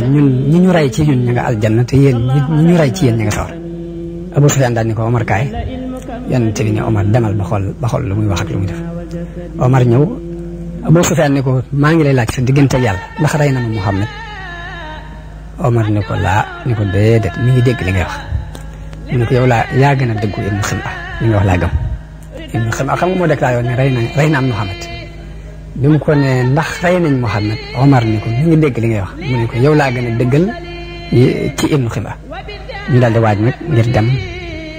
ñu rey ci ñun te yéen ñi ñu rey ci yéen ña nga sawar ni ko Omar kaay yonent bi ne Omar demal ba xool ba xool lu muy wax ak lu muy def Omar ñëw Abu Sufyaan ni ko maa ngi lay laaj sa diggante yàlla ndax rey na ma Muhammad Omar ni ko laa ni ko déedéet mi ngi dégg li ngay wax mu ne ko yow laa yaa gën a dëggu ibnu Xima li nga wax laa gëm ibnu Xima xam nga moo déclaré woon ne rey na rey na am mu ko ne ndax rey nañ Muhammad Omar ni ko ñu ngi dégg li ngay wax mu ne ko yow laa gën a dëggal ci ibnu Xima ñu daal di waaj nag ngir dem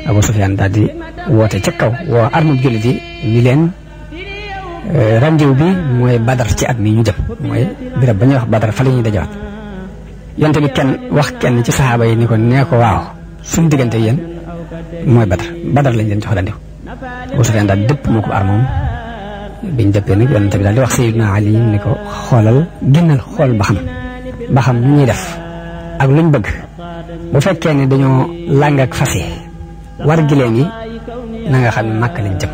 Abu Sufyaan daal di woote ca kaw woo mu jël yi ni leen euh, rendez-vous bi mooy badar ci at mi ñu jëm mooy birab ba ñuy wax badar fa la ñuy yonte bi kenn wax kenn ci saxaaba yi ni ko nee ko waaw suñu diggante yéen mooy badar badar lañ leen jox dandi Abu Sufyaan daal dëpp moo ko ar moom biñ dëppee ni yonent bi daal di wax Sayyidina Ali ni ko xoolal génnal xool ba xam ba xam ñuy def ak luñ bëgg bu fekkee ne dañoo làng ak fas war gileem yi nanga xam ne màkk lañ jëm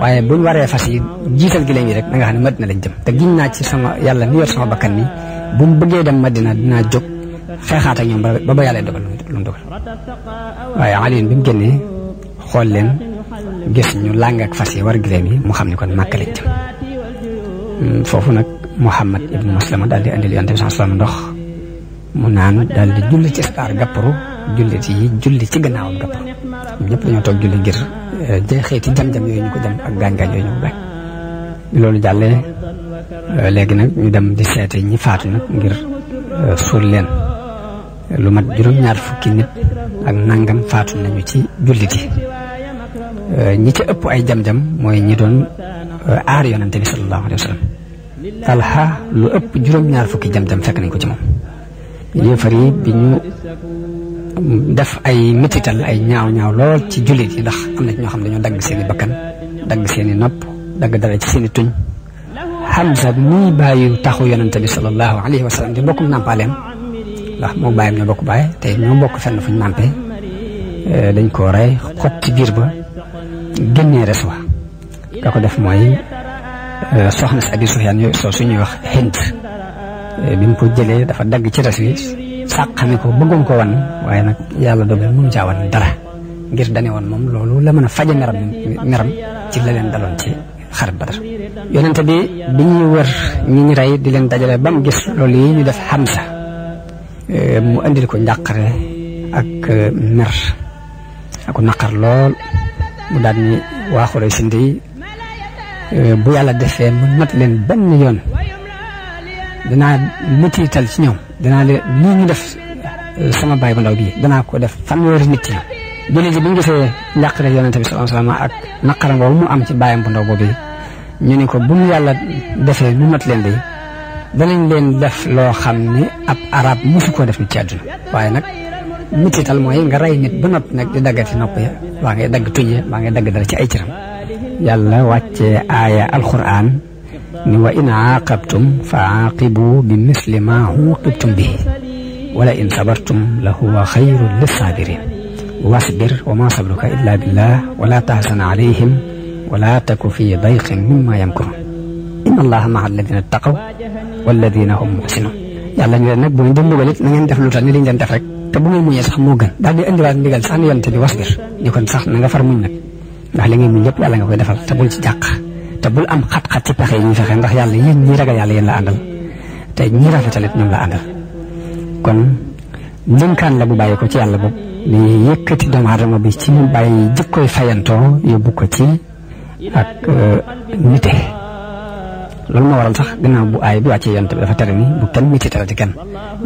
waaye buñ waree fas yi jiital gileem yi rek na nga xam ne na lañ jëm te giñ naa ci sama yàlla ni yor sama bakkan ni buñ bëggee dem dinaa jóg xeexaat ak ñoom ba ba yàlla dogal lu mu dogal waaye Alioune bi mu génnee xool leen gis ñu làng ak fas yi war gileem yi mu xam ne kon Màkka lañ hmm, foofu nag Muhammad ibnu Maslama daal di andil yonte bi saa salaam ndox mu naan daal di julli ci star gàpparu jullit yi julli ci gannaawam gàpparu ñëpp dañoo toog julli ngir eh, jeexeeti jam-jam yooyu ñu ko jam ak gaañ-gaañ yooyu ñu ko loolu jàllee eh, léegi nag ñu dem di seete ñi faatu nag ngir eh, suul leen lu mat juróom-ñaar fukki nit ak nangam faatu nañu ci julliti euh, ñi ci ëpp ay jam-jam mooy ñi doon euh, aar yonante bi sallallahu alayhi wasallam talha lu ëpp juróom-ñaar fukki jam-jam fekk nañ ko ci moom yéefar yi bi ñu def ay metital ay ñaaw-ñaaw lool ci jullit yi ndax am na ci ñoo xam dañoo dagg seeni bakkan dagg seeni nopp dagg dara ci seeni tuñ hamza mi bàyyi taxu yonante bi sallallahu alayhi wasallam di mbokkum nàmpaaleem ndax moo bàyyam ñoo bokk bàyyi te ñoo bokk fenn fuñ màmpe euh, dañ koo rey xot ci biir ba génnee res wa ka ko def mooy euh, soxna si Abi Sufyaan yooyu soo suñuy wax Hind euh, bi mu ko jëlee dafa dagg ci res wi sàqami ko bëggoon ko wan waaye nag yàlla dogal mënu caa wan dara ngir dane woon moom loolu la mën a faje meram meram ci la leen daloon ci xarit Badar yonente bi bi ñuy wër ñi ñu rey di leen dajale ba gis loolu yi ñu def Hamza Eh, mu indil ko njàqare ak eh, mer aku naqar lool mu daal ni waa Xuraysi ndey eh, bu yàlla defee mu mat leen benn yoon danaa metital ci ñoom dinaa de lii ñu def sama baay bu ndaw bii danaa ko def fanweeri nit yi jullit yi bi ñu gisee njàqare yonente bi sallallahu alayhi ak naqara ngoogu mu am ci baayam bu ndaw boobu ñu ni ko bu mu yàlla defee mu mat leen bi danañ leen def loo xam ne ab arab musu ko def nit ci àdduna waaye nag mitital mooy nga rey nit ba noppi nag di daggati nopp ya waa ngay dagg tujje waa ngay dagg dara ci ay cëram yàlla wàccee aaya alquran ni wa in aaqabtum fa aaqibu bi misli ma uqibtum bihi wala in sabartum la huwa xayrun lissaabirin wasbir wa ma sabruka illa billah wala tahzan alayhim wala taku fi dayqin mimma yamkurun inna allaha maa alladina ittaqaw walladina hum muxsinun yàlla ñu leen nag bu ñu doon dugal it na ngeen def lu tax ni liñ leen def rek te bu ngeen muñee sax moo gën daal di indiwaat ndigal sax ni yonte bi wasbir ni kon sax na nga far muñ nag ndax li ngay muñ yëpp yàlla nga koy defal te bul ci jàq te bul am xat-xat ci pexe yi ñuy fexe ndax yàlla yéen ñi ragal yàlla yéen la àndal te ñi rafetalit ñoom la àndal kon ndénkaan la bu bàyyi ko ci yàlla boobu ni yëkkati doomu aadama bi ci mu bàyyi jikkoy fayantoo yóbbu ko ci ak euh, nite loolu moo waral sax gannaaw bu aay bi wàccee yonent bi dafa tere ni bu kenn mititalati kenn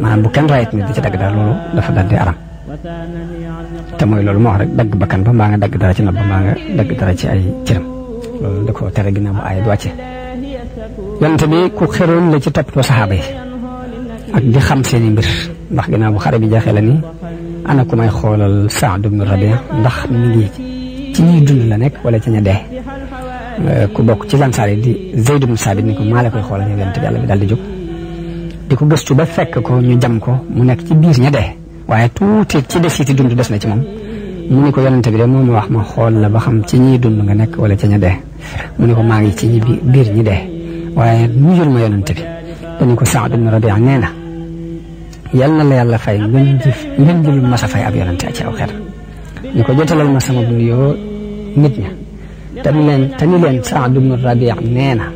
maanaam bu kenn rayit nit di ci dagg dara loolu dafa daal di aram te mooy loolu moo wax rek dagg bakkan ba mbaa nga dagg dara ci nopp mbaa nga dagg dara ci ay cëram loolu da ko tere a bu aay bi wàccee yonent bi ku xeroon la ci toppatoo saxaaba yi ak di xam seen yi mbir ndax gannaaw bu xare bi jeexee la ni ana ku may xoolal Saad ibn Rabia ndax mi ci ñuy dund la nekk wala ci ña dee Euh, ku bokk ci lansaar yi di Zayd ibn Saabit ni ko maa koy xoolal yow yonent yàlla bi daal di jóg di ko gëstu ba fekk ko ñu jam ko mu nekk ci biir ña dee waaye tuuti ci def desiti dund des na ci moom mu ni ko yonent bi de moo ma wax ma xool la ba xam ci ñiy dund nga nekk wala ca ña dee mu ne ko maa ngi ci ñi biir ñi dee waaye nuyul ma yonent bi dañu ko Saad ibn Rabia nee na yal na la yàlla fay ngeen jëf ngeen jëlul mas a fay ab yonent ci aw xeet ñu ko tam leen te ni leen Saad ibnu Rabiix nee na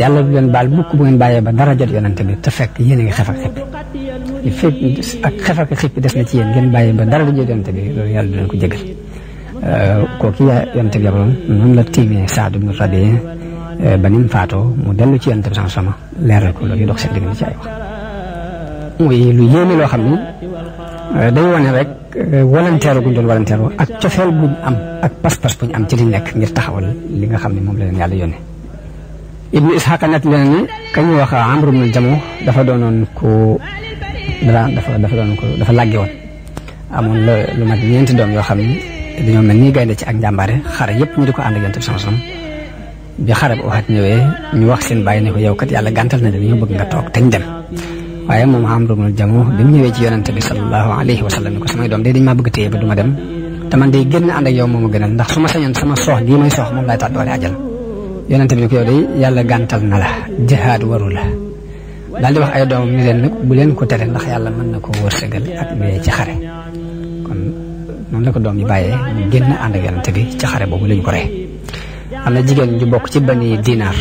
yàlla du leen baal mukk bu ngeen bàyyee ba dara jot yonante bi te fekk yéen a ngi xef ak xippi li fekk ak xef ak xippi def na ci yéen ngeen bàyyee ba dara jot yonante bi loolu yàlla du leen ko jégal euh, kooku yaa yonante bi yabaloon noonu la tiimee Saad ibnu Rabiix euh, ba ni mu faatoo mu dellu ci yonante bi sama leeral ko loolu dox seen diggante ci ay wax muy lu yéeme loo xam ni Euh, day wane rek euh, volontaire guñ doon volontaire ak cofeel buñ am ak pas-pas buñ am ci liñ nekk ngir taxawal li nga xam ne moom la leen yàlla yónnee. Ibnu Isxaaq net leen ni ka ñuy wax Amru bnu ko dafa dafa dafa doon ko dafa làgge woon amoon la lu ma mat ñeenti doom yoo xam ni ñoom mel nii gaynde ci ak njàmbaare xare yëpp mu di ko ànd ak yonent bi sama bi xare bu waxat ñëwee ñu wax seen bàyyi ne ko yow kat yàlla gàntal na dañoo bëgg nga toog te ñu dem waaye moom Amru bnul Jamuh bi mu ñëwee ci yonente bi sallallahu alayhi wa sallam ni ko samay doom de dañ maa bëgg téye ba du dem te man génn ànd ak yonente bi ni ko yow de yàlla gàntal na la jihaad waru la daal di wax ay doomam ni leen nag bu leen ko tere ndax yàlla mën na ko wërsëgal ak dee ci xare kon noonu la ko doom yi bàyyee mu génn ànd ak yonente bi ci xare boobu lañ ko rey am na jigéen ju bokk ci bani dinaar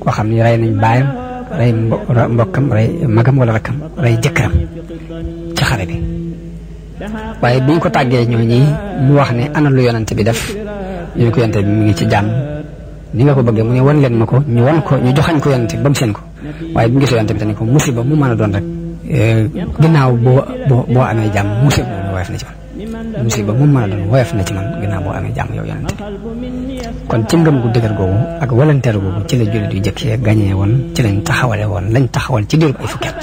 koo xam ni rey nañ bàyyam rey mbokkam rey magam wala rakkam rey jëkkëram ci xare bi waaye bi ñu ko tàggee ñooñi mu wax ne ana lu yonante bi def ñu ko yonante bi mu ngi ci jàmm ni nga ko bëggee mu ne wan leen ma ko ñu wan ko ñu joxañ ko yonante bi seen ko waaye bi mu gisee ko musiba mu mën a doon rek eh, ginnaaw boo boo boo amee jàmm musiba mu woyof na ci man a doon na ci man ginnaaw boo amee jàmm yow yonante bi kon ci ngëm gu dëgër googu ak walanteer googu ci la jullit yu jëkk ya gañee woon ci lañu taxawale woon lañ taxawal ci diiru ay fukki at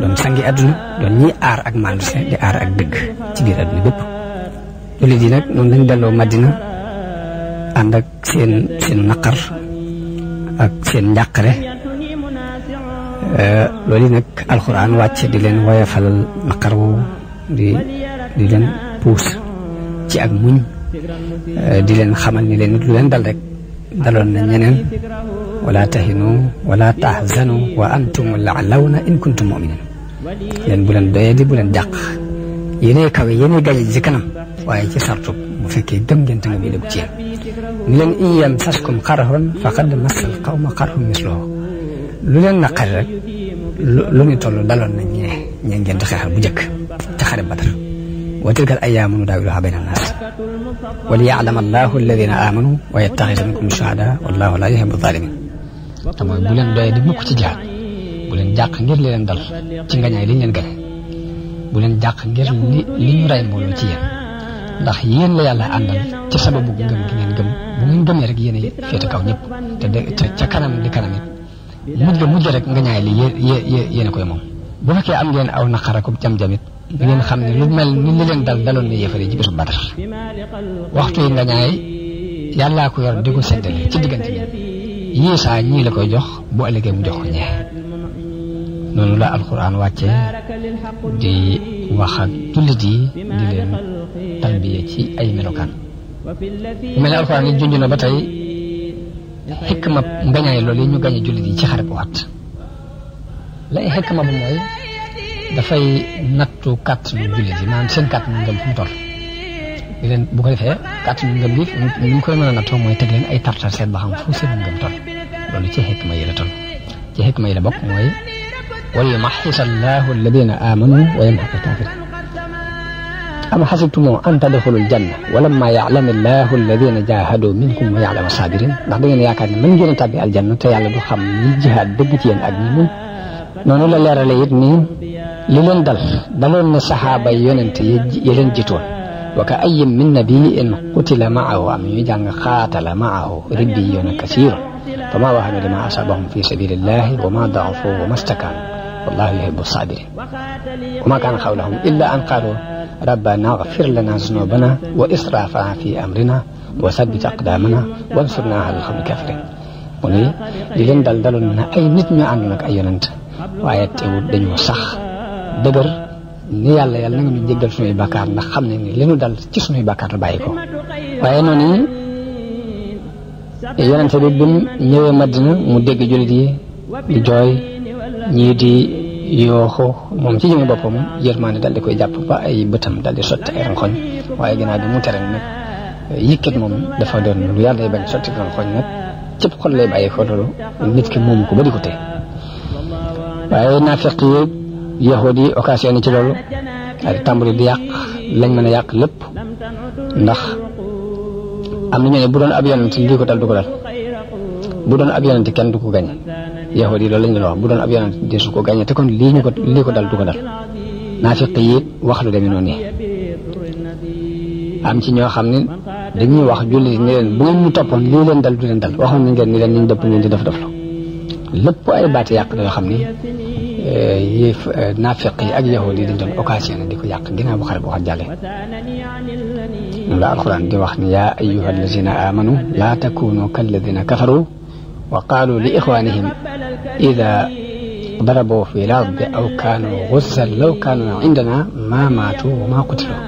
doon sangi àdduna doon ñiy aar ak manduse di aar ak dëgg ci biir àdduna bépp jullit yi nag noonu lañ delloo Madina ànd ak seen naqar ak seen njàqare euh, loolu yi nag alxuraan wàcc di leen woyofalal naqar woowu di di leen puus ci ak muñ Eh, di leen xamal ni leen nit lu leen dal rek daloon na ñeneen wala tahinu wala tahzanu wa antum la'lawna in kuntum mu'minin leen bu leen doyee di bu leen jàq yéenay kawe yéenay gaje ci kanam waaye ci sartu bu fekkee gëm ngeen te nga bi dëgg ci yéen ni leen in yamsaskum qarhun faqad massal qawma qarhun misluhu lu leen naqari rek lu ñu toll daloon na ñee ñee ngeen di xeexal bu njëkk ci Badar wa tilka al ayyaamu nudaawiluhaa bayna annaas wa liya'lama allaahu alladiina aamanu wa yattaxida minkum la wallaahu laa yuhibbu zaalimiin te mooy bu leen doyee di mukk ci jihaad bu leen jàq ngir li leen dal ci ngañaay liñ leen bu leen jàq ngir li li ñu ray mbooloo ci yéen ndax yéen la yàlla àndal ci sababu ngëm gi ngeen gëm bu ngeen gëmee rek yéen a féete kaw te de ca kanam di kanam it a koy moom bu fekkee am ngeen aw naqara ko jam-jamit di ngeen xam ne lu mel ni li leen dal daloon na yéefare ci bésu Badar waxtu yi nga yàllaa ko yor di ko séddale ci diggante bi yii saa ñii la koy jox bu ëllëgee mu jox ñee noonu la alquran wàcce di wax jullit yi di leen talbiye ci ay melokaan mel alquran yi junj na ba tey xikma ngañaay loolu ñu gañe jullit yi ci xare bu waat lay xikma bu mooy dafay nattu kàttanu jullit yi maanaam seen kàttanu ngëm fu mu toll di leen bu ko defee kàttanu ngëm bi ni mu koy mën a nattoo mooy teg leen ay tartar seet ba xam fu seen ngëm toll loolu ci xikma yi la toll ci xikma yi la bokk mooy wal yumaxxisa allahu alladina amanu wa yamxaq alkafirin am xasibtumoo an tadxulul janna walamma yaalami allahu alladina jahadu minkum wa yaalama sabirin ndax da ngeen yaakaar ne mën ngeen a tàbbi aljanna te yàlla du xam ñi jihaad dëgg ci yéen ak ñi mun noonu la leerale it nii لمن دل دلون الصحابة يننت يلن جتون وكأي من نبي إن قتل معه أم يجان قاتل معه ربيون كثير فما وهم لما أصابهم في سبيل الله وما ضعفوا وما استكانوا والله يحب الصابرين وما كان حولهم إلا أن قالوا ربنا اغفر لنا ذنوبنا وإسرافنا في أمرنا وثبت أقدامنا وانصرنا على الخبر الكافرين وني لين دلدل من أي نتمي عنك أي ننت وآيات تقول دنيو صخ dëgër ni yàlla yàlla na nga ñu jéggal suñuy bakkaar na xam ne ni li ñu dal ci suñuy bakkaar la bàyyi ko waaye noonu yonente bi bi mu ñëwee Madina mu dégg jullit yi di jooy ñii di yooxu moom ci jëmee boppam yërmaane dal koy jàpp ay bëtam dal di sotti ay rankoñ waaye ginnaaw bi mu tere nag yëkkat moom dafa doon lu yàlla bañ sotti rankoñ nag cëpp xol lay bàyyi ko loolu nit ki moom ko ba di ko tee waaye naafeq yahudi occasion ci lolu ak tàmbali di yak lañ mëna yak lepp ndax nah. nah, am nañu ne bu doon ab yonent lii ko dal du ko dal bu doon ab yonent kenn du ko gagne yahudi lolu lañ doon wax bu doon ab yonent di su ko gagne te kon li ñu ko li ko dal du ko dal ci yi wax lu demee noni am ci ño xamni dañuy wax julli ni leen bu ñu toppoon li leen dal du leen dal waxon ngeen ni leen ñu dëpp ñu di def def lepp ay baati yak yoo xamni yéef naafeq yi ak yahood yi dañ doon occasion di ko yàq ginnaaw bu xare bu xat jàlle la alquran di wax ni yaa ayuha alladina amanu laa takunu kalladina kafaru wa qaalu li ixwanihim ida ضربوا في الأرض أو كانوا غزا لو كانوا عندنا ما ماتوا وما قتلوا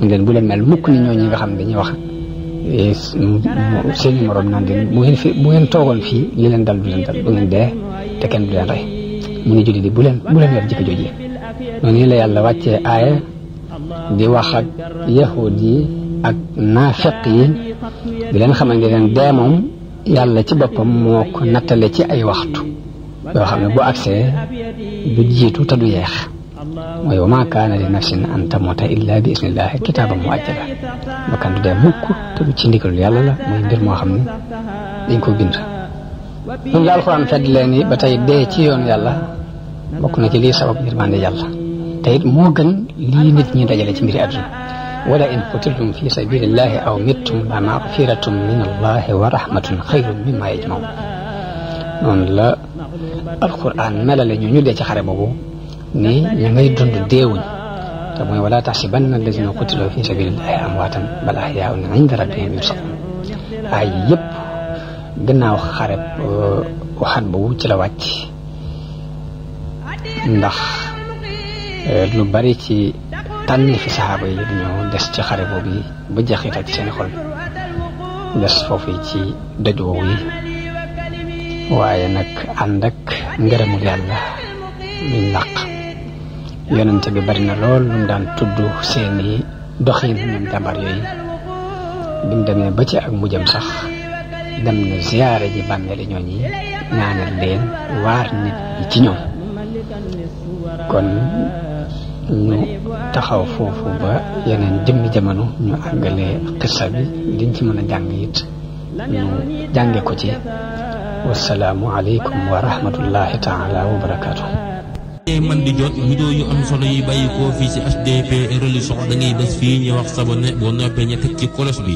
ñu leen bu leen mel mukk ni ñoo ñi nga xam dañuy wax seen i morom naan leen bu ngeen fi bu ngeen toogoon fii li leen dal du leen dal du ngeen dee te kenn du leen rey mu ne julli di bu leen bu leen yor jikko jooju la yàlla wàccee aaya di wax ak yahud yi ak naafeq yi di leen xamal ne leen dee ci boppam moo ko nattale ci ay waxtu yoo xam ne bu agsee du jiitu ta du yeex mooy wa maa kaana li nafsin an tamuuta illa bi isnillahi kitaaban muajjala bakkan du dee mukk te du ci ndigalu yàlla la mooy mbir moo xam ne dañ ko bind ñun daal alxuraan fedd leen ni ba tey dee ci yoon yàlla bokk na ci lii sabab yërmande yàlla te it moo gën nit ñi dajale ci mbiri àdduna wala in qutiltum fi sabilillahi aw mittum la magfiratum min allahi wa rahmatun xayrun la alquran melale ñu ñu dee ci xare boobu ni ña ngay dund deewuñ te mooy wala taxsibanna alladina qutilu fi sabilillahi amwaatan bal ahyaun inda rabbihim gannaaw xareb uh, waxaat boobu ci la wàcc ndax uh, lu bari ci tànn fi saxaaba yi dañoo des ci xare boobu yi ba jeexital ci seen xol des foofu ci doj woowu yi waaye nag ànd ak ngërëmul yàlla luñ làq yonente bi bari na lool lu mu daan tudd seen i doxin ñoom jàmbar yooyu bi mu demee ba ci ak mujjam sax dem na ziyaare ji bàmmeeli ñooñi ñaanal leen waar nit ñi ci ñoom kon ñu taxaw foofu ba yeneen jëmmi jamono ñu àggale xissa bi liñ ci mën a jàng it ñu jànge ko ci wasalaamu aleykum wa rahmatullahi taala wa barakaatu man di jot vidéo yu am solo yi bàyyi koo fii ci HDP religion da ngay bés fii ñu wax abonné boo noppee ñu ci cloche bi